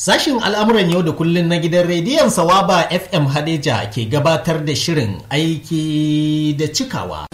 Sashin al'amuran yau da kullum na gidan rediyon Sawaba FM Hadeja ke gabatar da shirin aiki da cikawa.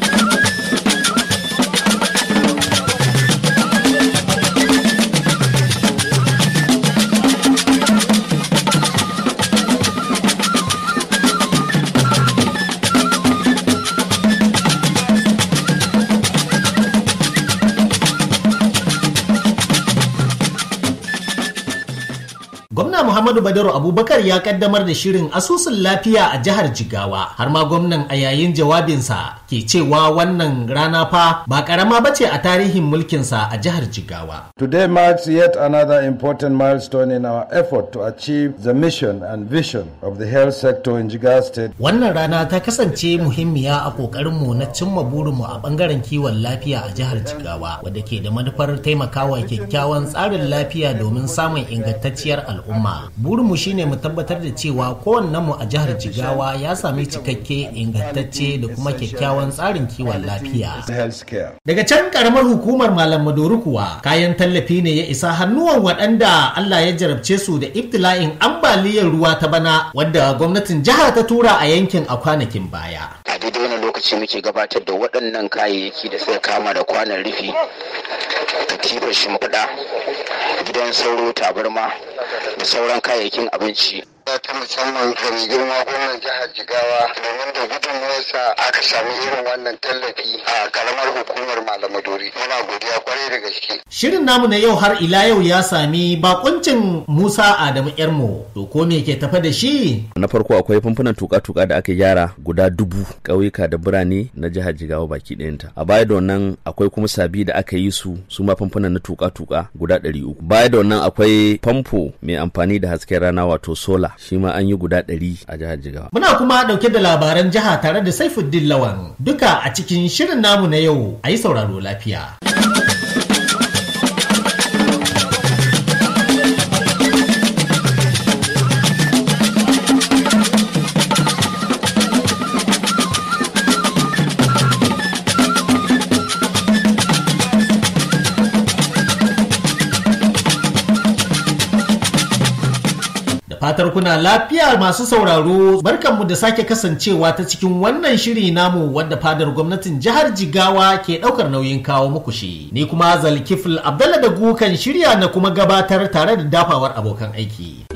Muhammadu Badaru Abubakar ya kaddamar da shirin asusun lafiya a jihar Jigawa har ma gwamnan a yayin jawabinsa ke cewa wannan rana fa ba karama bace a tarihin mulkinsa a jihar Jigawa. Today marks yet another important milestone in our effort to achieve the mission and vision of the health sector in Jigawa State. Wannan rana ta kasance muhimmiya a mu na cimma burinmu a bangaren kiwon lafiya a jihar Jigawa wadda ke da manufar taimakawa kyakkyawan tsarin lafiya domin samun ingantacciyar al'umma. burinmu shine mu tabbatar da cewa kowanne mu a jihar jigawa ya sami cikakke ingantacce da kuma kyakkyawan tsarin kiwon lafiya daga can karamar hukumar malam maduru kuwa kayan tallafi ne ya isa hannuwan waɗanda allah ya jarabce su da ibtila'in ambaliyar ruwa ta bana wadda gwamnatin jiha ta tura a yankin a kwanakin baya a daidai wani lokaci muke gabatar da waɗannan kayayyaki da suka kama da kwanan rufi katifar shimfiɗa gidan sauro tabarma da sauran kayayyakin abinci godiya ta musamman ga rigar magunan jihar Jigawa domin da gudunmuwarsa aka samu irin wannan tallafi a karamar hukumar Dori. Muna godiya kwarai da gaske. Shirin namu na yau har ila yau ya sami bakuncin Musa Adamu Yarmo. To ko me ke tafa da shi? Na farko akwai fanfunan tuka-tuka da aka gyara guda dubu ƙauyuka da birane na jihar Jigawa baki ɗayanta. A baya da wannan akwai kuma sabi da aka yi su su ma fanfunan na tuka-tuka guda ɗari uku. Baya da wannan akwai famfo mai amfani da hasken rana wato sola shi ma an yi guda ɗari a jihar jigawa muna kuma ɗauke da labaran jiha tare da saifuddin lawan duka a cikin shirin namu na yau a yi sauraro lafiya Da fatar kuna lafiya masu sauraro barkanmu da sake kasancewa ta cikin wannan shiri namu wadda fadar gwamnatin jihar Jigawa ke ɗaukar nauyin kawo muku shi. Ni kuma Zalkifil abdalla da gukan shirya na kuma gabatar tare da dafawar abokan aiki.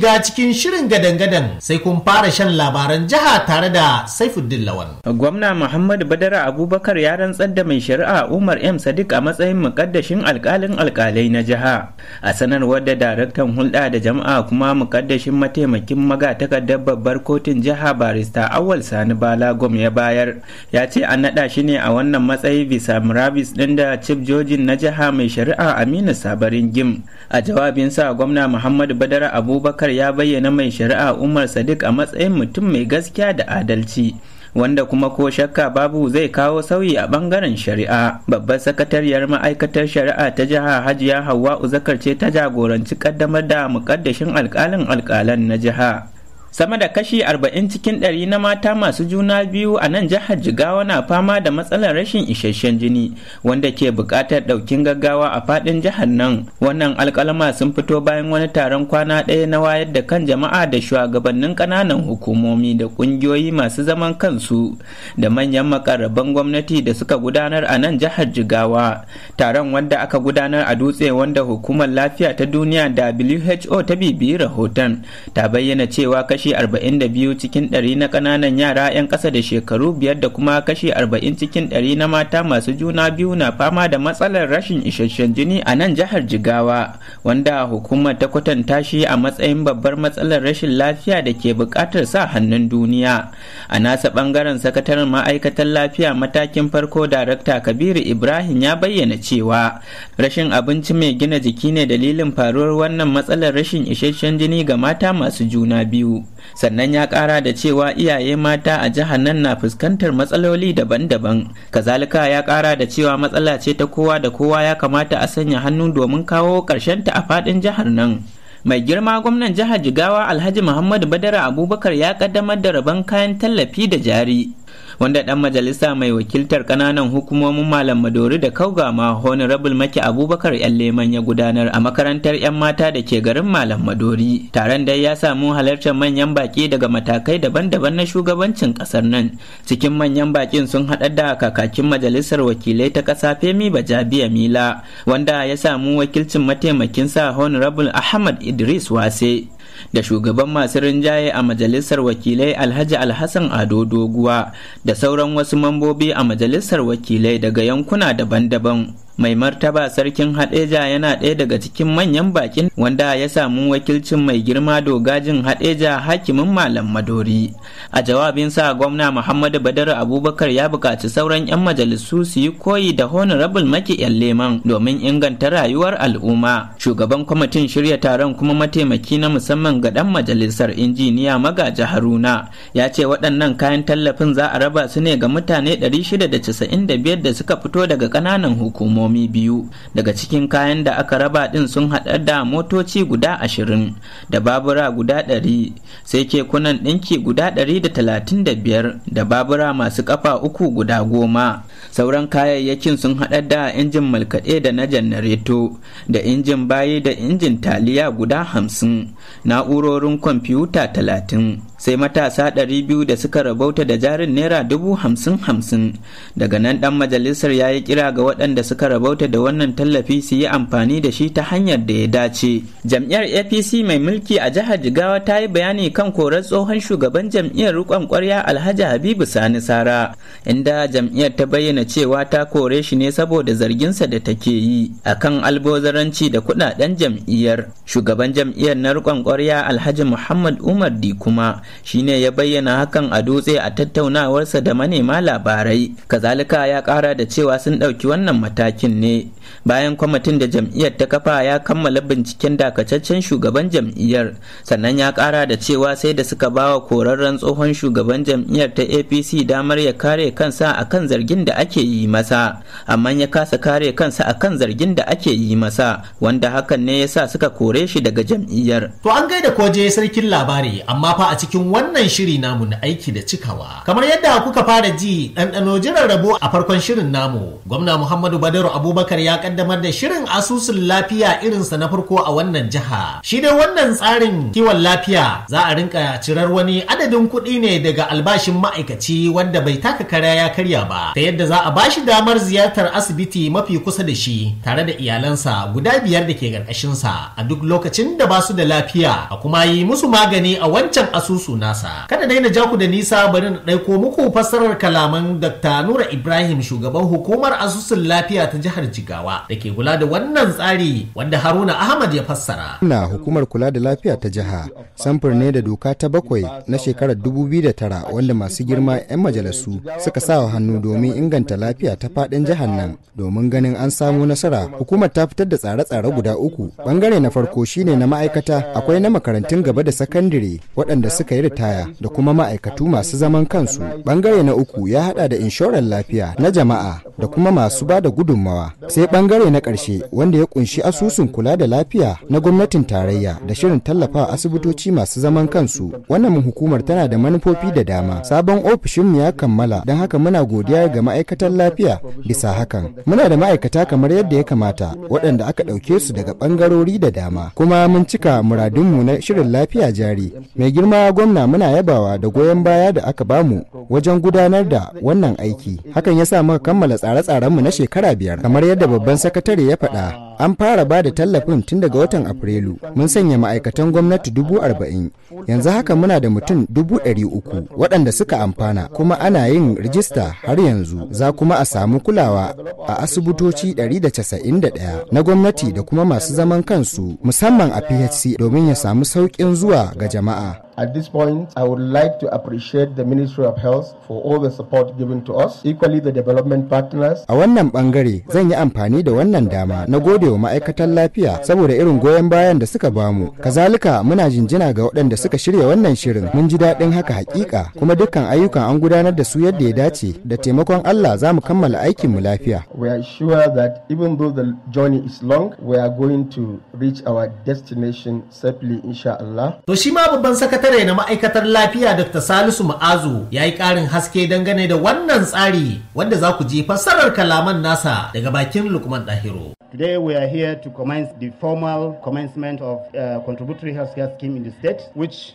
shiga cikin shirin gadan-gadan sai kun fara shan labaran jiha tare da Saifuddin Lawan. Gwamna Muhammadu Badara Abubakar ya rantsar da mai shari'a Umar M Sadiq a matsayin mukaddashin alkalin alkalai na jiha. A sanarwar da daraktan hulɗa da jama'a kuma mukaddashin mataimakin magatakardar babbar kotun jiha barista Awal Sani Bala Gom ya bayar. Ya ce an naɗa shi ne a wannan matsayi bisa murabis ɗin da cif Jojin na jiha mai shari'a Aminu Sabarin Gim. A jawabinsa gwamna Muhammadu Badara Abubakar Umar ya bayyana mai shari'a Umar Sadiq a matsayin mutum mai gaskiya da adalci. wanda kuma ko shakka babu zai kawo sauyi a bangaren shari'a babbar sakatariyar ma'aikatar shari'a ta jiha hajiya hawa uzakar ce ta jagoranci kaddamar da mukaddashin alkalin alkalan na jiha sama da kashi arba'in cikin ɗari na mata masu juna biyu a nan jihar jigawa na fama da matsalar rashin isasshen jini wanda ke buƙatar ɗaukin gaggawa a faɗin jihar nan wannan alƙalama sun fito bayan wani taron kwana ɗaya na wayar da kan jama'a da shugabannin ƙananan hukumomi da ƙungiyoyi masu zaman kansu da manyan makarraban gwamnati da suka gudanar a nan jihar jigawa taron wanda aka gudanar a dutse wanda hukumar lafiya ta duniya who ta bibiyi rahoton ta bayyana cewa kashi kashi 42 cikin 100 na ƙananan yara 'yan ƙasa da shekaru biyar da kuma kashi 40 cikin ɗari na mata masu juna biyu na fama da matsalar rashin isasshen jini a nan jihar Jigawa wanda hukumar ta kwatanta shi a matsayin babbar matsalar rashin lafiya da ke buƙatar sa hannun duniya. A nasa ɓangaren sakataren ma'aikatan lafiya matakin farko darakta Kabiru Ibrahim ya bayyana cewa rashin abinci mai gina jiki ne dalilin faruwar wannan matsalar rashin isasshen jini ga mata masu juna biyu. sannan ya kara da cewa iyaye mata a jihar nan na fuskantar matsaloli daban-daban kazalika ya kara da cewa matsala ce ta kowa da kowa ya kamata a sanya hannu domin kawo ta a faɗin jihar nan mai girma gwamnan jihar jigawa alhaji muhammadu badara abubakar ya kaddamar da rabon kayan tallafi da jari wanda dan majalisa mai wakiltar kananan hukumomin malam madori da kaugama honorable maki abubakar yan leman ya gudanar a makarantar yan mata da ke garin malam madori taron dai ya samu halartar manyan baki daga matakai daban-daban na shugabancin kasar nan cikin manyan bakin sun haɗa da kakakin majalisar wakilai ta ƙasa femi bajabiya mila wanda ya samu wakilcin mataimakin mataimakinsa honorable ahmad idris wase da shugaban masu rinjaye a majalisar wakilai alhaji alhassan ado doguwa da sauran wasu mambobi a majalisar wakilai daga yankuna daban-daban mai martaba sarkin hadeja yana ɗaya daga cikin manyan bakin wanda ya samu wakilcin mai girma dogajin hadeja hakimin malam madori a jawabinsa gwamna muhammadu badar abubakar ya buƙaci sauran 'yan majalisu su yi koyi da honorable maki leman domin inganta rayuwar al'umma shugaban kwamitin shirya taron kuma mataimaki na musamman ga dan majalisar injiniya magaji haruna ya ce waɗannan kayan tallafin za a raba su ne ga mutane 695 da suka fito daga ƙananan hukumomi gundumomi biyu daga cikin kayan da aka raba din sun hada da motoci guda ashirin da babura guda ɗari sai kekunan ɗinki guda ɗari da talatin da biyar da babura masu ƙafa uku guda goma sauran kayayyakin sun hada da injin malkaɗe da na janareto da injin bayi da injin taliya guda hamsin na'urorin kwamfuta talatin sai matasa ɗari biyu da suka rabauta da jarin naira dubu hamsin hamsin daga nan ɗan majalisar ya yi kira ga waɗanda suka rabauta da wannan tallafi su yi amfani da shi ta hanyar da ya dace jam'iyyar apc mai mulki a jihar jigawa ta yi bayani kan korar tsohon shugaban jam'iyyar rikon kwarya alhaji habibu sani sara inda jam'iyyar ta bayyana cewa ta kore shi ne saboda zarginsa da take yi akan albozaranci da kuɗaɗen jam'iyyar shugaban jam'iyyar na rukon ƙwarya alhaji muhammad umar dikuma shine ya bayyana hakan a dutse a tattaunawarsa da manema labarai kazalika ya ƙara da cewa sun ɗauki wannan matakin ne bayan kwamitin da jam'iyyar ta kafa ya kammala binciken dakataccen shugaban jam'iyyar sannan ya kara da cewa sai da suka bawa korarren tsohon shugaban jam'iyyar ta apc damar ya kare kansa a kan zargin da ake yi masa amma ya kasa kare kansa a kan zargin da ake yi masa wanda hakan ne ya sa suka kore shi daga jam'iyyar to an gaida koje sarkin labari amma fa a cikin wannan shiri namu na aiki da cikawa kamar yadda kuka fara ji ɗanɗano jiran rabo a farkon shirin namu gwamna muhammadu badaru abubakar ya kaddamar da shirin asusun lafiya irinsa na farko a wannan jiha. Shi dai wannan tsarin kiwon lafiya za a rinka cirar wani adadin kuɗi ne daga albashin ma'aikaci wanda bai taka kara ya karya ba, ta yadda za a bashi damar ziyartar asibiti mafi kusa da shi tare da iyalansa guda biyar da ke ƙarƙashinsa a duk lokacin da ba su da lafiya a kuma yi musu magani a wancan asusu nasa. Kada dai na ja ku da nisa bari na ɗauko muku fassarar kalaman Dr. Nura Ibrahim shugaban hukumar asusun lafiya ta jihar Jigawa. Jigawa da ke kula da wannan tsari wanda Haruna Ahmad ya fassara. Na hukumar kula da lafiya ta jiha samfur ne da doka ta bakwai na shekarar dubu biyu da tara wanda masu girma 'yan majalisu suka sa hannu domin inganta lafiya ta faɗin jihar nan domin ganin an samu nasara hukumar ta fitar da tsare-tsare guda uku bangare na farko shine na ma'aikata akwai na makarantun gaba da sakandire waɗanda suka yi ritaya da kuma ma'aikatu masu zaman kansu bangare na uku ya haɗa da inshorar lafiya na jama'a da kuma masu ba da gudunmawa sai bangare na ƙarshe wanda ya kunshi asusun kula da lafiya na gwamnatin tarayya da shirin tallafa asibitoci masu zaman kansu wannan hukumar tana da manufofi da dama sabon ofishinmu ya kammala don haka muna godiya ga ma'aikatan lafiya bisa hakan muna da ma'aikata kamar yadda ya kamata waɗanda aka ɗauke su daga ɓangarori da dama kuma mun cika muradunmu na shirin lafiya jari mai girma gwamna muna yabawa da goyon baya da aka bamu wajen gudanar da wannan aiki hakan ya sa muka kammala tsare-tsarenmu na shekara biyar kamar yadda babban babban sakatare ya faɗa an fara ba da tallafin tun daga watan afrilu mun sanya ma'aikatan gwamnati dubu arba'in yanzu haka muna da mutum dubu ɗari uku waɗanda suka amfana kuma ana yin rijista har yanzu za kuma a samu kulawa a asibitoci ɗari da da casa'in ɗaya na gwamnati da kuma masu zaman kansu musamman a phc domin ya samu sauƙin zuwa ga jama'a At this point, I would like to appreciate the Ministry of Health for all the support given to us, equally the development partners. A wannan bangare zan yi amfani da wannan dama na gode wa ma'aikatan lafiya saboda irin goyon bayan da suka bamu. Kazalika muna jinjina ga waɗanda suka shirya wannan shirin. Mun ji daɗin haka hakika kuma dukkan ayyukan an gudanar da su yadda ya dace da taimakon Allah za mu kammala aikin mu lafiya. We are sure that even though the journey is long, we are going to reach our destination safely insha Allah. To shi ma babban sakatare sakatare na ma'aikatar lafiya Dr. Salisu Ma'azu ya yi ƙarin haske dangane da wannan tsari wanda za ku ji fassarar kalaman nasa daga bakin Lukman Dahiro. Today we are here to commence the formal commencement of uh, contributory healthcare scheme in the state which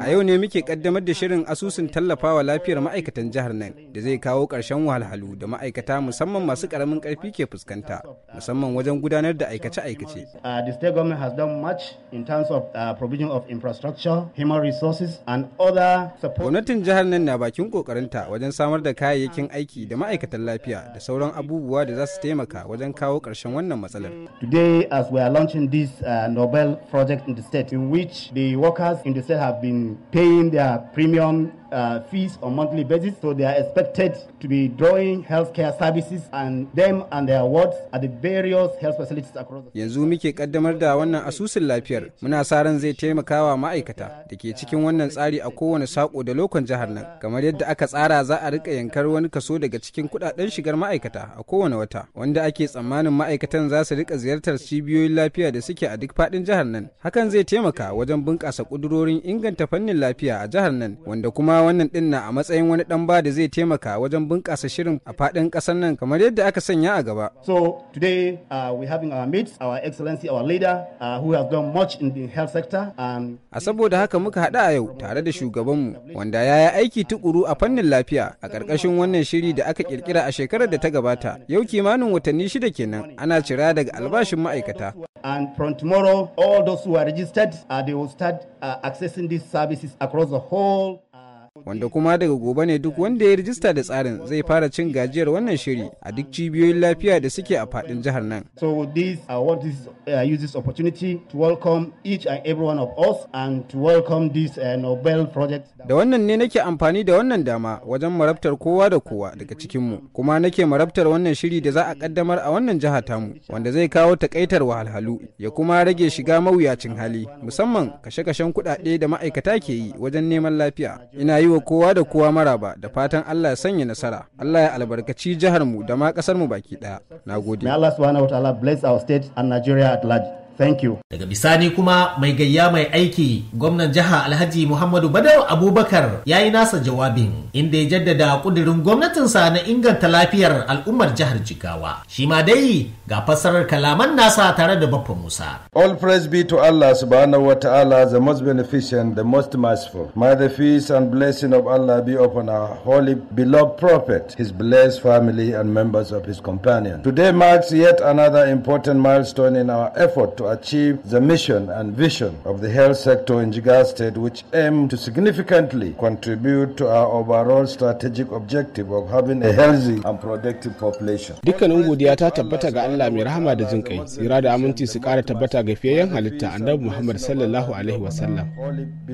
A yau ne muke kaddamar da shirin asusun tallafawa lafiyar ma'aikatan jihar nan da zai kawo ƙarshen wahalhalu da ma'aikata musamman masu ƙaramin ƙarfi ke fuskanta musamman wajen gudanar da aikace-aikace. Uh, the has done much in of uh, provision of infrastructure, human resources and other support. Gwamnatin jihar nan na bakin kokarinta wajen samar da kayayyakin aiki da ma'aikatan lafiya da sauran abubuwa da za su taimaka wajen kawo ƙarshen wannan matsalar. Today as we are launching this uh, Nobel project in the state in which the the workers in the state have been paying their premium uh, fees on monthly basis, so they are expected to be drawing healthcare services and them and their wards at the various health facilities across. Yanzu muke kaddamar da wannan asusun lafiyar muna sa ran zai wa ma'aikata da ke cikin wannan tsari a kowane sako da lokon jihar nan kamar yadda aka tsara za a rika yankar wani kaso daga cikin kudaden shigar ma'aikata a kowane wata wanda ake tsammanin ma'aikatan za su rika ziyartar cibiyoyin lafiya da suke a duk faɗin jihar nan hakan zai taimaka wajen bunƙasa ƙudurorin inganta fannin lafiya a jihar nan wanda kuma wannan din na a matsayin wani dan ba da zai taimaka wajen bunƙasa shirin a faɗin ƙasar nan kamar yadda aka sanya a gaba. So today uh, we having our midst our excellency our leader uh, who has done much in the health sector. And... A saboda haka muka haɗu a yau tare da shugabanmu wanda ya yi aiki tukuru a fannin lafiya a ƙarƙashin wannan shiri da aka ƙirƙira a shekarar da ta gabata. Yau kimanin watanni shida kenan ana cira daga albashin ma'aikata. And from tomorrow all those who are registered uh, they will start uh, accessing these services across the whole wanda kuma daga gobe ne duk wanda ya rijista da tsarin zai fara cin gajiyar wannan shiri a duk cibiyoyin lafiya da suke a fadin jihar nan. So this, I want this, uh, use this opportunity to welcome each and every one of us and to welcome this uh, Nobel project. Da wannan ne nake amfani da wannan dama wajen marabtar kowa da kowa daga cikin mu kuma nake marabtar wannan shiri da za a kaddamar a wannan jiha tamu wanda zai kawo takaitar wahalhalu ya kuma rage shiga mawuyacin hali musamman kashe-kashen kuɗaɗe da ma'aikata ke yi wajen neman lafiya. Ina yi wa kowa da kowa maraba da fatan Allah ya sanya nasara. Allah ya albarkaci jihar mu da ma kasar mu baki daya. Nagode. May Allah subhanahu wa ta'ala bless our state and Nigeria at large. Thank you. Daga bisani kuma mai gayya mai aiki gwamnan jiha Alhaji Muhammadu badau Abubakar ya yi nasa jawabin inda ya jaddada kudirin gwamnatinsa na inganta lafiyar al'ummar jihar Jigawa. Shi ma dai ga fassarar kalaman nasa tare da Baffa Musa. All praise be to Allah subhanahu wa ta'ala the most beneficent the most merciful. May the peace and blessing of Allah be upon our holy beloved prophet, his blessed family and members of his companion. Today marks yet another important milestone in our effort to to achieve the mission and vision of the health sector in Jigar State, which aim to significantly contribute to our overall strategic objective of having a healthy and productive population. Dukkanin godiya ta tabbata ga Allah mai rahama da jin kai, tsira da aminci su kara tabbata ga fiyayen halitta Annabi Muhammad sallallahu alaihi wasallam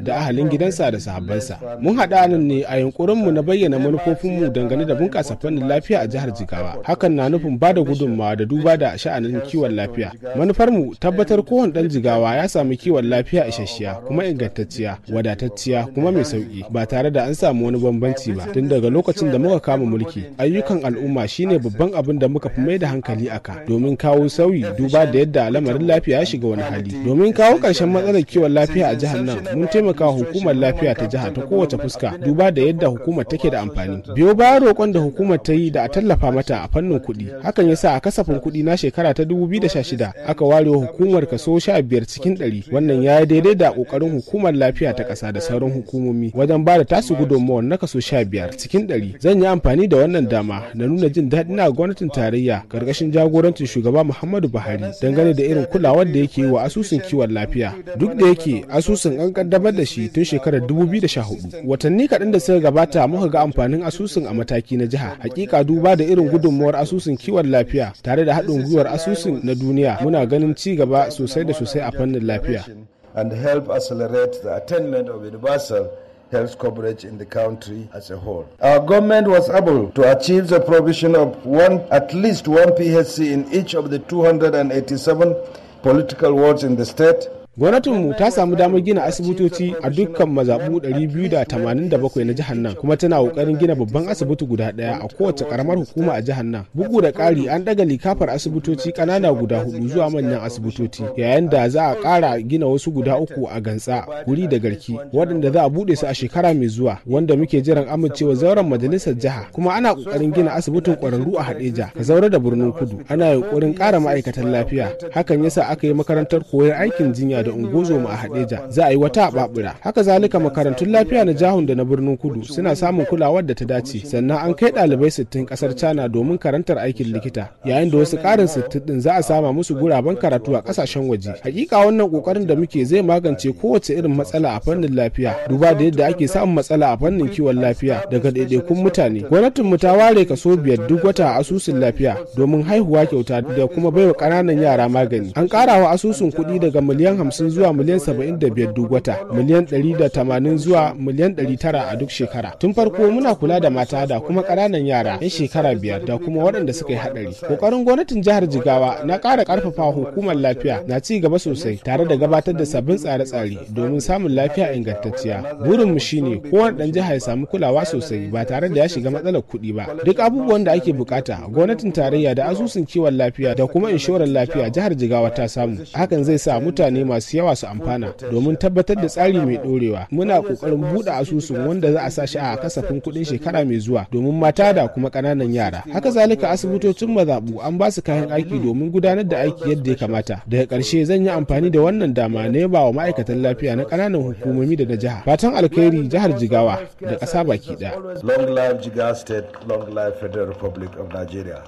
da ahalin gidansa da sahabbansa. Mun haɗa nan ne a yunkurinmu na bayyana manufofinmu dangane da bunƙasa fannin lafiya a jihar Jigawa. Hakan na nufin ba da gudunmawa da duba da sha'anin kiwon lafiya. Manufarmu tabbata tabbatar kowane ɗan jigawa ya samu kiwon lafiya isasshiya kuma ingantacciya wadatacciya kuma mai sauki ba tare da an samu wani bambanci ba tun daga lokacin da muka kama mulki ayyukan al'umma shine babban abin da muka fi mai da hankali aka domin kawo sauyi duba da yadda lamarin lafiya ya shiga wani hali domin kawo karshen matsalar kiwon lafiya a jihar nan mun taimaka hukumar lafiya ta jiha ta kowace fuska duba da yadda hukumar take da amfani biyo bayan roƙon da hukumar ta yi da a tallafa mata a fannin kuɗi hakan yasa a kasafin kuɗi na shekara ta dubu 2016 aka ware hukumar yunwar kaso 15 cikin 100 wannan ya yi daidai da kokarin hukumar lafiya ta kasa da sauran hukumomi wajen ba da tasu gudunmawar na kaso 15 cikin 100 zan yi amfani da wannan dama na nuna jin daɗin na gwamnatin tarayya karkashin jagorancin shugaba muhammadu buhari dangane da irin kulawar da yake yi wa asusun kiwon lafiya duk da yake asusun an kaddamar da shi tun shekarar 2014 watanni kaɗan da suka gabata muka ga amfanin asusun a mataki na jiha hakika duba da irin gudunmawar asusun kiwon lafiya tare da haɗin gwiwar asusun na duniya muna ganin ci gaba gaba sosai da sosai a fannin lafiya and help accelerate the attainment of universal health coverage in the country as a whole. Our government was able to achieve the provision of one, at least one PHC in each of the 287 political wards in the state Gwamnatinmu ta samu damar gina asibitoci a dukkan mazaɓu 287 na jihar nan kuma tana ƙoƙarin gina babban asibiti guda ɗaya a kowace ƙaramar hukuma a jihar nan. Bugu da ƙari an ɗaga likafar asibitoci ƙanana guda hudu zuwa manyan asibitoci yayin da za a ƙara gina wasu guda uku a gantsa guri da garki waɗanda za a buɗe su a shekara mai zuwa wanda muke jiran amincewa zauren majalisar jiha kuma ana ƙoƙarin gina asibitin ƙwararru a Hadeja. ka zaure da birnin kudu ana yunƙurin ƙara ma'aikatan lafiya hakan yasa aka yi makarantar koyon aikin jinya da ungozoma a hadeja za a yi wata a babura haka zalika makarantun lafiya na jahun da na birnin kudu suna samun kulawar da ta dace sannan an kai ɗalibai sittin kasar china domin karantar aikin likita yayin da wasu karin sittin din za a sama musu guraben karatu a ƙasashen waje hakika wannan ƙoƙarin da muke zai magance kowace irin matsala a fannin lafiya duba da yadda ake samun matsala a fannin kiwon lafiya daga kun mutane gwamnatin mu ta ware kaso biyar duk wata a asusun lafiya domin haihuwa kyauta da kuma baiwa ƙananan yara magani an ƙara asusun kuɗi daga miliyan 50 zuwa miliyan saba'in da duk wata miliyan ɗari zuwa miliyan ɗari tara a duk shekara tun farko muna kula da mata da kuma ƙananan yara 'yan shekara biyar da kuma waɗanda suka yi haɗari ƙoƙarin gwamnatin jihar jigawa na ƙara ƙarfafa hukumar lafiya na ci gaba sosai tare da gabatar da sabbin tsare-tsare domin samun lafiya ingantacciya burinmu shine kowane ɗan jiha ya samu kulawa sosai ba tare da ya shiga matsalar kuɗi ba duk abubuwan da ake bukata gwamnatin tarayya da asusun kiwon lafiya da kuma inshorar lafiya jihar jigawa ta samu hakan zai sa mutane masu masu yawa su amfana domin tabbatar da tsari mai dorewa muna kokarin buɗe asusun wanda za a sa shi a kasafin kuɗin shekara mai zuwa domin mata da kuma ƙananan yara haka zalika asibitocin mazaɓu an ba su kayan aiki domin gudanar da aiki yadda ya kamata daga ƙarshe zan yi amfani da wannan dama na yaba wa ma'aikatan lafiya na ƙananan hukumomi da na jiha fatan alkhairi jihar jigawa da ƙasa baki ɗaya. Long live Jigawa State, long live Federal Republic of Nigeria.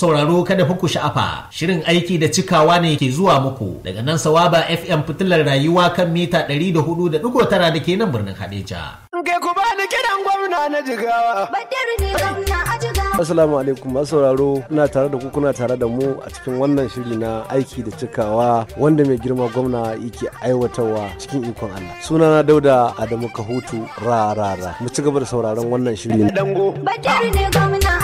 sauraro kada fuku ku sha'afa shirin aiki da cikawa ne ke zuwa muku daga nan sawaba FM fitilar rayuwa kan mita 104.9 da ke nan birnin Hadeja. Ke ku ba ni kiran gwamna na jigawa. ne Assalamu alaikum masu sauraro kuna tare da kuna tare da mu a cikin wannan shiri na aiki da cikawa wanda mai girma gwamna yake aiwatarwa cikin ikon Allah. Sunana Dauda Adamu Kahutu ra ra ra. Mu ci gaba da sauraron wannan shiri. Dango. ne gwamna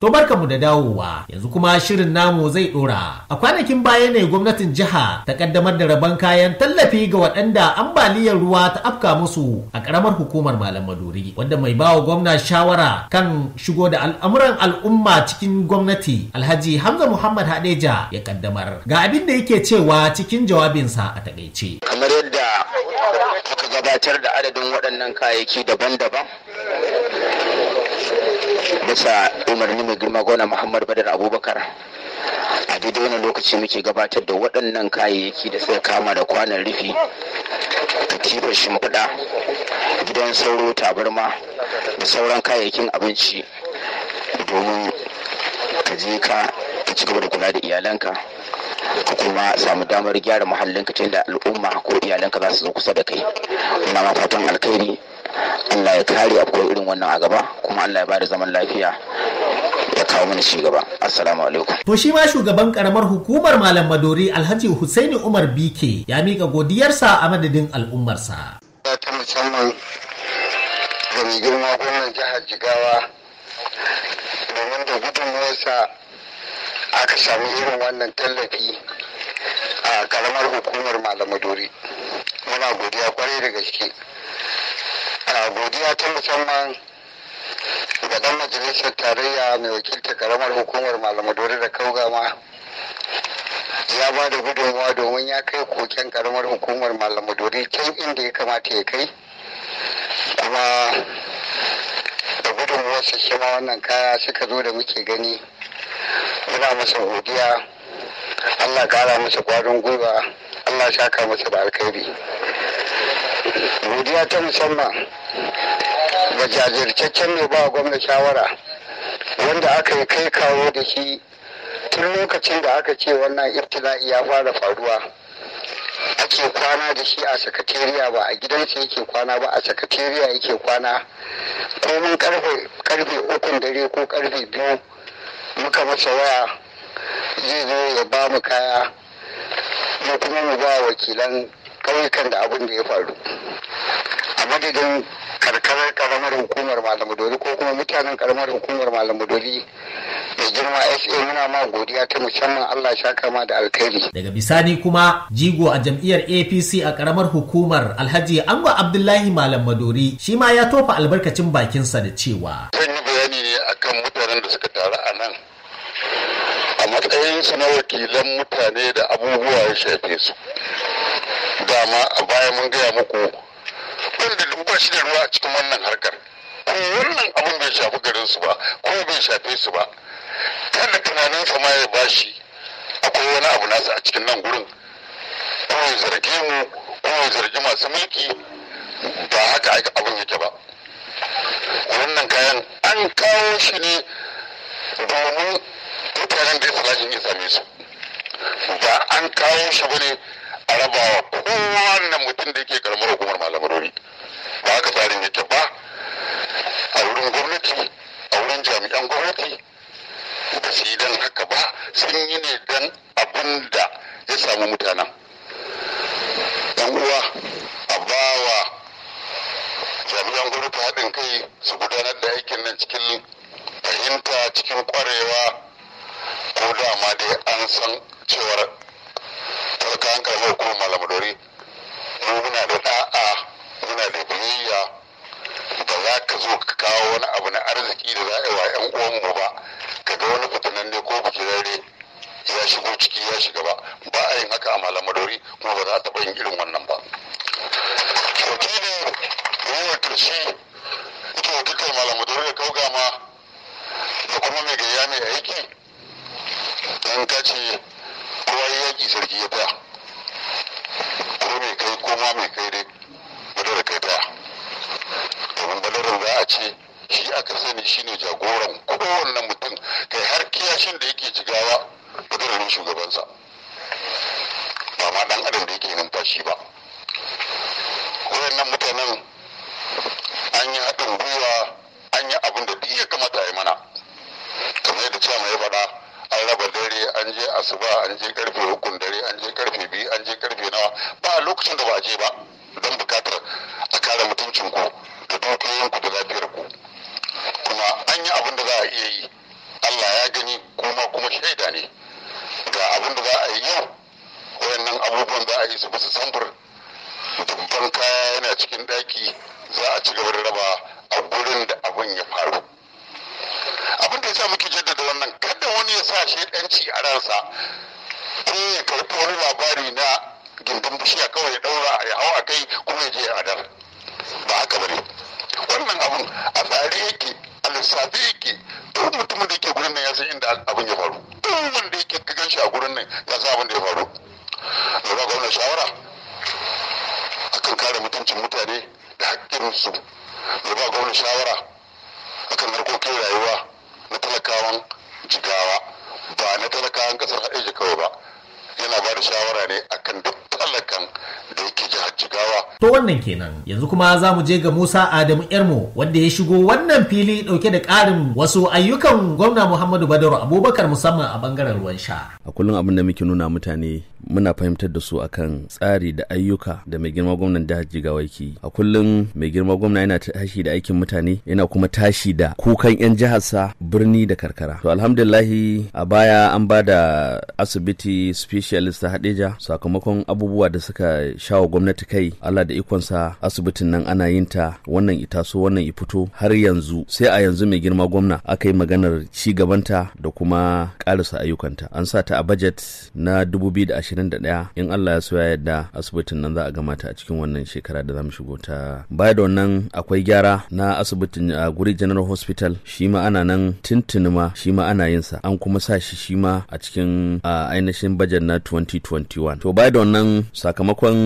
To barkamu da dawowa yanzu kuma shirin namu zai dora. A kwanakin baya ne gwamnatin jiha ta kaddamar da rabon kayan tallafi ga waɗanda ambaliyar ruwa ta afka musu a ƙaramar hukumar Malam Maduri wanda mai bawa gwamna shawara kan shigo da al'amuran al'umma cikin gwamnati Alhaji Hamza Muhammad Hadeja ya kaddamar. Ga abin da yake cewa cikin jawabinsa a takaice. Kamar yadda aka gabatar da adadin waɗannan kayayyaki daban-daban bisa umarni mai girma gona muhammad badar abubakar a daidai wani lokaci muke gabatar da waɗannan kayayyaki da suka kama da kwanan rufi katifar shimfiɗa gidan sauro tabarma da sauran kayayyakin abinci domin ka je ka ci gaba da kula da iyalanka ka kuma samu damar gyara muhallinka tunda al'umma ko iyalanka za su zo kusa da kai ina ma fatan alkhairi Allah ya kare akwai irin wannan a gaba kuma Allah ya bada zaman lafiya ya kawo mana ci gaba assalamu alaikum to shi ma shugaban karamar hukumar malam madori alhaji husaini umar bike ya mika godiyarsa a madadin al'ummarsa ta musamman da mai girma gwamnan jihar jigawa domin da gudunmuwarsa aka sami irin wannan tallafi a karamar hukumar malam madori muna godiya kwarai da gaske godiya ta musamman ga dan majalisar tarayya mai wakiltar karamar hukumar malamadori da kaugama ya ba da gudunmawa domin ya kai koken karamar hukumar malamadori can inda ya kamata ya kai kuma da gudunmawarsa su shima wannan kaya suka zo da muke gani muna masa godiya allah kara masa kwarin gwiwa allah shaka masa da alkhairi godiya ta musamman daga jajirtaccen ne ba gwamna shawara wanda aka yi kai kawo da shi tun lokacin da aka ce wannan irtila'i ya fara faruwa ake kwana da shi a sakatariya ba a gidansa yake kwana ba a sakatariya yake kwana komin karfe ukun dare ko karfe biyu muka masa waya zai zo ya ba mu kaya mu kuma mu ba wakilan ƙauyukan da abin da ya faru a madadin karkarar karamar hukumar malam dori ko kuma mutanen karamar hukumar malam dori da girma sa muna ma godiya ta musamman allah shaka ma da alkhairi daga bisani kuma jigo a jam'iyyar apc a karamar hukumar alhaji ango abdullahi malam madori shi ma ya tofa albarkacin bakinsa da cewa zan yi bayani ne akan mutanen da suka taru a nan a matsayinsu na wakilan mutane da abubuwa ya shafe su dama a baya mun gaya muku tara da dubu shi da ruwa a cikin wannan harkar ko wannan abin bai shafi garin su ba ko bai shafe su ba kana tunanin sa ma ya bashi akwai wani abu nasa a cikin nan gurin ko ya zarge mu ko ya zargi masu mulki ba haka abin yake ba wannan kayan an kawo shi ne domin mutanen da ya salahin ya same su ba an kawo shi ba ne a raba wa mutum da yake karamar hukumar rori ba haka tsarin yake ba a wurin gwamnati a wurin jami'an gwamnati da su don haka ba sun yi ne don abin da ya samu mutanen yan uwa a bawa jami'an gwamnati haɗin kai su gudanar da aikin nan cikin fahimta cikin kwarewa ko dama dai an san cewar ta hankali zai kuma malam dori muna da da'a muna da biyayya ba za ka zo ka kawo wani abu na arziki da za a yi wa 'yan ba ka ga wani fitinan ne ko buki rare ya shigo ciki ya shiga ba ba a yin haka a malam kuma ba za ta taɓa irin wannan ba Yeah. wakiltar ma da kuma mai aiki ka ce sarki ya koma mai kai dai badarin kai daya domin badarin za a ce shi aka sani shine jagoran kowanne mutum kai har kiyashin da yake jigawa badarin shugabansa ba ma dan adam da yake numfashi ba wayannan mutanen an yi haɗin gwiwa an yi abin da duk ya kamata a mana kamar yadda cewa mai faɗa an raba dare an je asuba an je karfe hukun dare an je karfe biyu an je karfe nawa ba lokacin da ba a je ba don bukatar a kare mutuncin ku da dukiyoyin ku da lafiyar ku kuma an yi abin da za a iya yi Allah ya gani kuma kuma shaida ne ga abin da za a yi yau wayannan abubuwan za a yi su bisa samfur dubban kaya yana cikin daki za a ci gaba da raba a gurin da abin ya faru abin da ya sa muke jaddada wannan kada wani ya sa shaidanci a ransa ko ya karɓi wani labari na gindin bishiya kawai ya daura ya hau a kai kuma ya je ya adar ba haka bane wannan abun a tsari yake a lissafi yake duk mutumin da yake gurin nan ya san inda abin ya faru duk wanda yake gan shi a gurin nan ya san abin da ya faru da ba gwamnati shawara akan kare mutuncin mutane da haƙƙinsu da ba gwamnati shawara akan harkokin rayuwa na talakawan jigawa ba na talakawan ƙasar haɗe kawai ba yana ba da shawara ne akan duk talakan da yake ji jigawa. To wannan kenan yanzu kuma za mu je ga Musa Adamu Irmo wanda ya shigo wannan fili dauke da ƙarin wasu ayyukan gwamna Muhammadu Badaru Abubakar musamman a bangaren ruwan sha. A kullum abin da muke nuna mutane muna fahimtar da su akan tsari da ayyuka da mai girma gwamnan daji ga waiki a kullum mai girma gwamna yana tashi da aikin mutane yana kuma tashi da kukan yan jiharsa birni da karkara to alhamdulillahi a baya an ba da asibiti specialist ta hadeja sakamakon abubuwa da suka shawo gwamnati kai allah da ikonsa asibitin nan ana yin ta wannan itaso wannan i fito har yanzu sai a yanzu mai girma gwamna aka yi maganar ci gabanta da kuma karasa ayyukanta an sa ta a budget na dubu biyu da 2021 in Allah ya so ya yadda asibitin nan za a gama ta a cikin wannan shekara da zamu shigo ta baya da wannan akwai gyara na asibitin a guri general hospital shi ma ana nan tintinima ma shi ma ana yin sa an kuma sa shi shi ma a cikin ainihin bajet na 2021 to baya da wannan sakamakon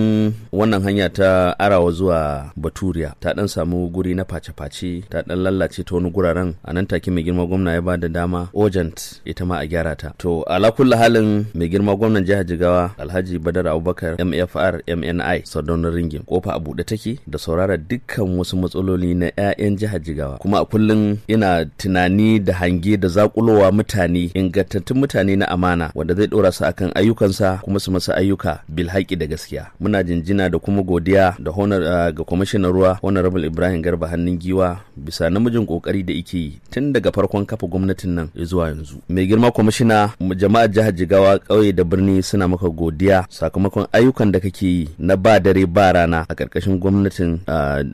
wannan hanya ta arawa zuwa baturiya ta dan samu guri na face-face ta dan lallace ta wani guraren a nan take mai girma gwamna ya ba da dama urgent ita ma a gyara ta to ala kulli halin mai girma gwamnan jihar jigawa Nasarawa Alhaji Badar Abubakar MFR MNI Sardaunar Ringin kofa a buɗe take da saurara dukkan wasu matsaloli na 'ya'yan jihar Jigawa kuma a kullum ina tunani da hange da zakulowa mutane ingantattun mutane na amana wanda zai ɗora su akan ayyukansa kuma su masa ayyuka bilhaki da gaskiya muna jinjina da kuma godiya da honar ah, ga kwamishinan ruwa honorable Ibrahim Garba hannun giwa bisa namijin kokari da ike yi tun daga farkon kafa gwamnatin nan zuwa yanzu mai girma kwamishina jama'ar jihar Jigawa ƙauye da birni suna maka maka godiya sakamakon ayyukan da kake yi na ba dare ba rana a ƙarƙashin gwamnatin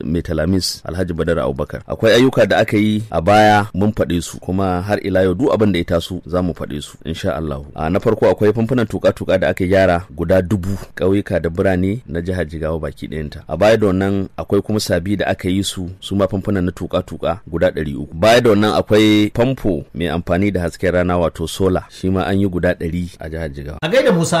metalamis alhaji badar abubakar akwai ayyuka da aka yi a baya mun faɗe su kuma har ila yau duk abin da ya taso za mu faɗe su insha Allah na farko akwai famfunan tuka-tuka da aka gyara guda dubu ƙauyuka da birane na jihar jigawa baki ɗayanta a baya da wannan akwai kuma sabi da aka yi su su ma famfunan na tuka-tuka guda ɗari uku baya da wannan akwai famfo mai amfani da hasken rana wato sola shi ma an yi guda ɗari a jihar jigawa a gaida musa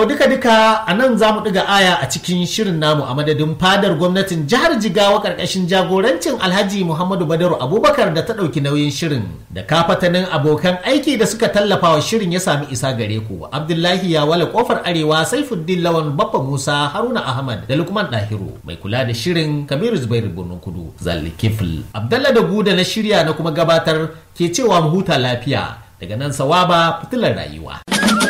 To duka-duka a nan za mu ɗiga aya a cikin shirin namu a madadin fadar gwamnatin jihar Jigawa ƙarƙashin jagorancin Alhaji Muhammadu Badaru Abubakar da ta ɗauki nauyin shirin da kafatanin abokan aiki da suka tallafa wa shirin ya sami isa gare ku. Abdullahi Yawale Kofar Arewa Saifuddin Lawan Baffa Musa Haruna Ahmad da Lukman Dahiru mai kula da shirin Kabiru Zubairu Birnin Kudu zalli Kifl. Abdallah da Guda na shirya na kuma gabatar ke cewa mu huta lafiya daga nan sawaba fitilar rayuwa.